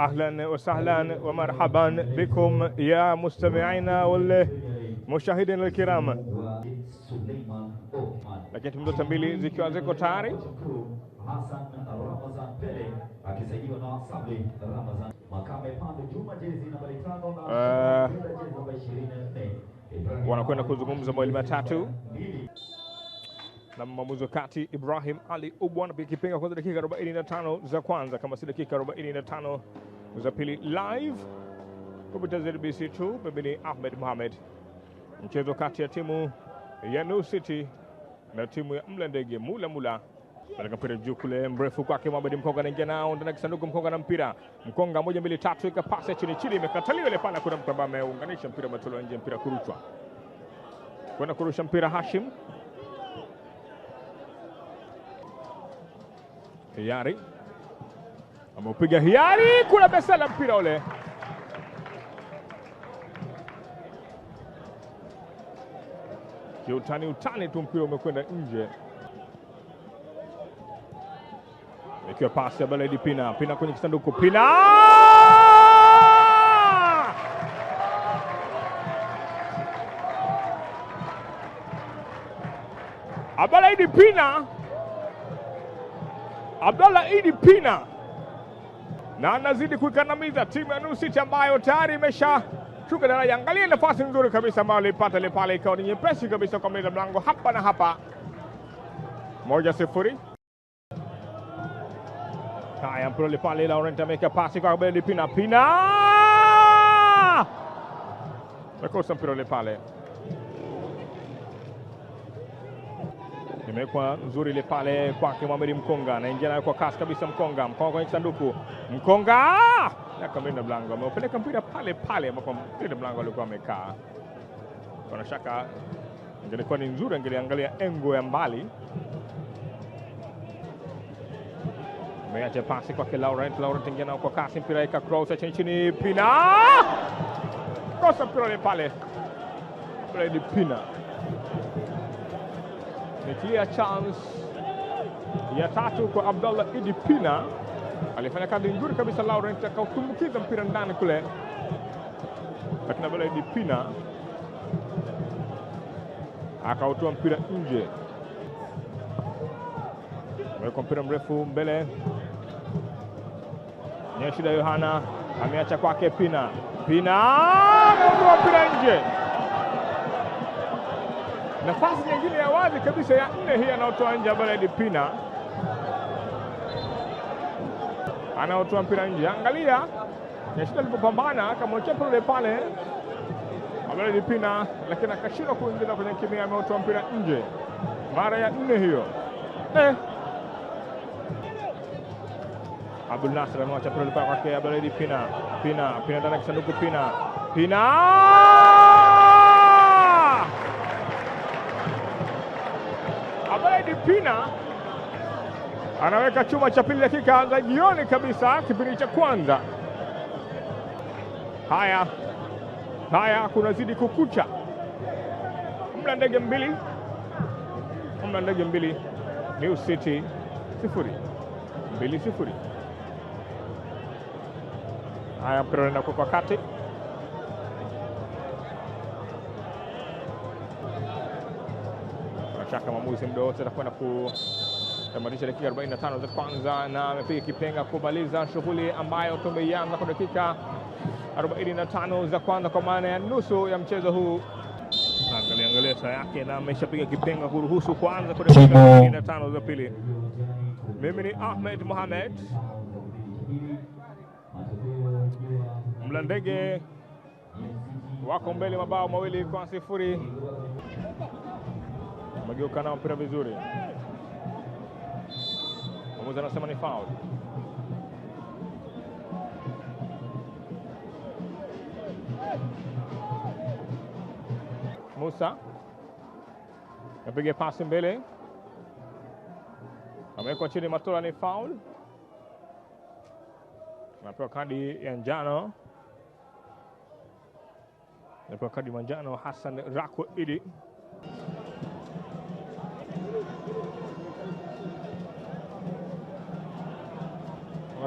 ahlan wa sahlan wa marhaban bikum ya mustamiina wal mushahidin alkiram. Lakini timu zote mbili zikiwa ziko tayari uh, wanakwenda kuzungumza mawili matatu na mwamuzi wa kati Ibrahim Ali Ubwa Ubwan ikipinga kwanza dakika 45 za kwanza, kama si dakika 45 za pili. Live kupitia ZBC2, mimi ni Ahmed Mohamed. Mchezo kati ya timu ya New City na timu ya Mla Ndege Mula Mula katika mpira juu kule mrefu kwake Mabedi Mkonga anaingia nao ndani ya kisanduku. Mkonga na mpira Mkonga moja mbili tatu, ika pasi chini chini, imekataliwa ile pala. Kuna mtu ambaye ameunganisha mpira, umetolewa nje, mpira kurushwa kwenda kurusha mpira Hashim Hiari ameupiga hiari kula besala mpira ule kiutani utani tu mpira umekwenda nje, ikiwa pasi ya Beledi Pina Pina kwenye kisanduku Pina Abalaidi Pina Abdalla Idi Pina na anazidi kuikandamiza timu ya Nusiti ambayo tayari imeshashuka daraja. Angalia nafasi nzuri kabisa ambayo alipata ile pale, ikawa ni nyepesi kabisa kuingiza mlango hapa na hapa. Moja sifuri. Haya, mpira pale, Laurent ameweka pasi kwa Abdalla Idi Pina. Pina mekosa mpira pale. imekuwa nzuri ile pale kwake Mohamed Mkonga, anaingia nayo kwa kasi kabisa. Mkonga Mkonga kwenye sanduku, Mkonga akamlinda mlango, ameupeleka mpira pale pale ambapo mlinda mlango alikuwa amekaa. Bila shaka ingelikuwa ni nzuri, angeliangalia engo ya mbali. Ameacha pasi kwake Laurent, Laurent ingia nayo kwa kasi, mpira ika cross chini chini, Pina kosa mpira ile pale Bredi Pina Niachia chance ya tatu kwa Abdallah Idi Pina, alifanya kazi nzuri kabisa. Laurent akautumbukiza mpira ndani kule, lakini Abdallah Idi Pina akautoa mpira nje. Weka mpira mrefu mbele, Nyeshida Yohana ameacha kwake Pina. Pina mpira nje. Nafasi nyingine ya wazi kabisa ya nne hii anaotoa nje Abaledi Pina, anaotoa mpira nje. Angalia Nashida alipopambana akamwachia mpira ule pale Abaledi Pina, lakini akashindwa kuingiza kwenye kimia, ameotoa mpira nje mara ya nne hiyo eh. Abdul Nasr amewacha pale kwake Abaledi Pina, Pina Pina ndani ya kisanduku Pina Pina Ahmed Pina anaweka chuma cha pili dakika za jioni kabisa kipindi cha kwanza. Haya haya, kunazidi kukucha. mla ndege mbili, mla ndege mbili. New City sifuri mbili sifuri. Haya, mpira unaenda kwa kati. shaka mwamuzi muda wote atakwenda kutamatisha dakika 45 za kwanza, na amepiga kipenga kumaliza shughuli ambayo tumeianza kwa dakika 45 za kwanza, kwa maana ya nusu ya mchezo huu. Angalia angalia saa yake, na ameshapiga kipenga kuruhusu kwanza kwa dakika 45 za pili. Mimi ni Ahmed Mohamed Mlandege wako mbele mabao mawili kwa sifuri amegeuka nao mpira vizuri, mwamuzi anasema ni foul. Musa apiga pasi mbele, amewekwa chini. Matola ni foul, anapewa kadi ya njano, anapewa kadi manjano Hassan Rakwa Idi.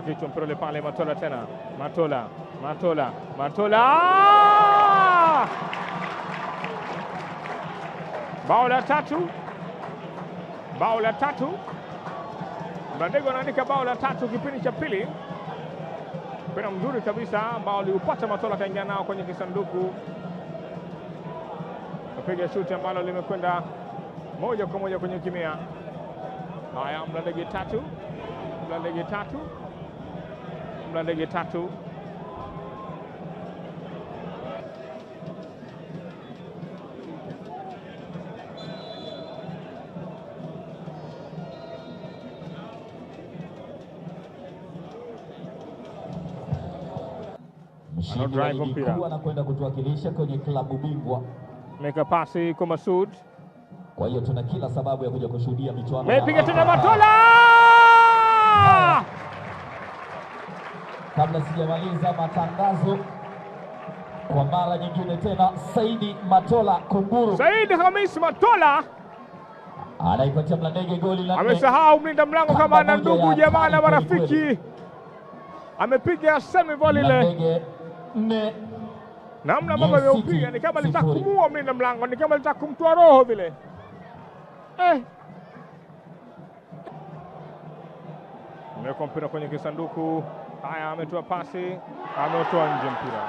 vichwa Mprole pale Matola tena Matola Matola Matola, bao la tatu, bao la tatu. Mradego anaandika bao la tatu kipindi cha pili. Mpira mzuri kabisa ambao aliupata Matola, akaingia nao kwenye kisanduku, kapiga shuti ambalo limekwenda moja kwa moja kwenye kimia. Haya, Mradege tatu, Mradege tatu jumla ndege tatu. anakwenda kutuwakilisha kwenye klabu bingwa. Meka pasi kwa Masud. Kwa hiyo tuna kila sababu ya kuja kushuhudia michuano. Mepiga tena Matola Kabla sijamaliza matangazo, kwa mara nyingine tena, Saidi Matola Kunguru, Saidi Hamisi Matola anaipatia Mlandege goli la amesahau mlinda mlango kama ana ndugu jamaa na marafiki, amepiga semi voli ile namna ambavyo ameupiga ni kama litaka kumuua mlinda mlango, ni kama litaka kumtoa roho vile eh. Imewekwa mpira kwenye kisanduku. Haya, ametoa pasi, ameutoa nje mpira.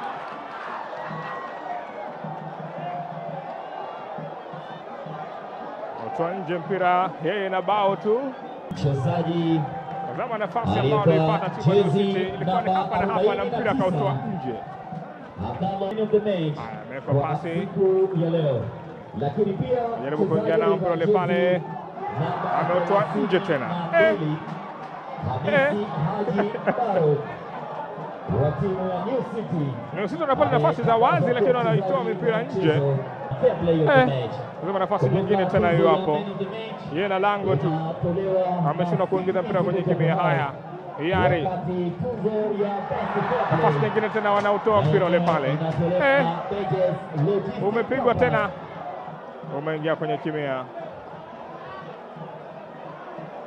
Ameutoa nje mpira, yeye na bao tu. Mchezaji tazama nafasi ambayo anaipata timu ya City, ilikuwa ni hapa na hapa, na mpira akautoa nje. Ameweka pasi lakini pia jaribu kuingia nao mpira ule pale, ameutoa nje tena eh. Usito eh. anapata nafasi za wazi, lakini anaitoa mipira nje. Sema eh. nafasi nyingine tena hiyo hapo, yeye na lango tu ameshindwa kuingiza mpira kwenye kimia. Haya, Yari, nafasi nyingine tena, wanautoa mpira ule pale, eh. umepigwa tena, umeingia kwenye kimia.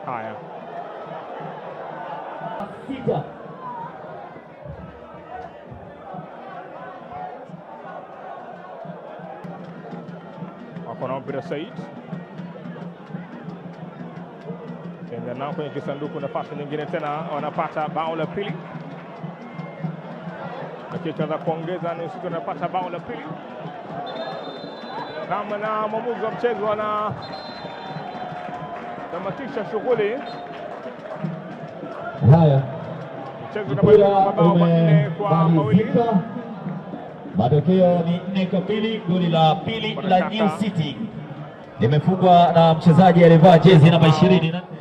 Haya sita wako na mpira Said tena nao kwenye kisanduku, nafasi nyingine tena, wanapata bao la pili. Dakika za kuongeza nusu, wanapata bao la pili namna mwamuzi wa mchezo anatamatisha shughuli. Haya, mpira mawili. matokeo ni nne kamili. Goli la pili la New City limefungwa na mchezaji aliyevaa jezi namba ishirini na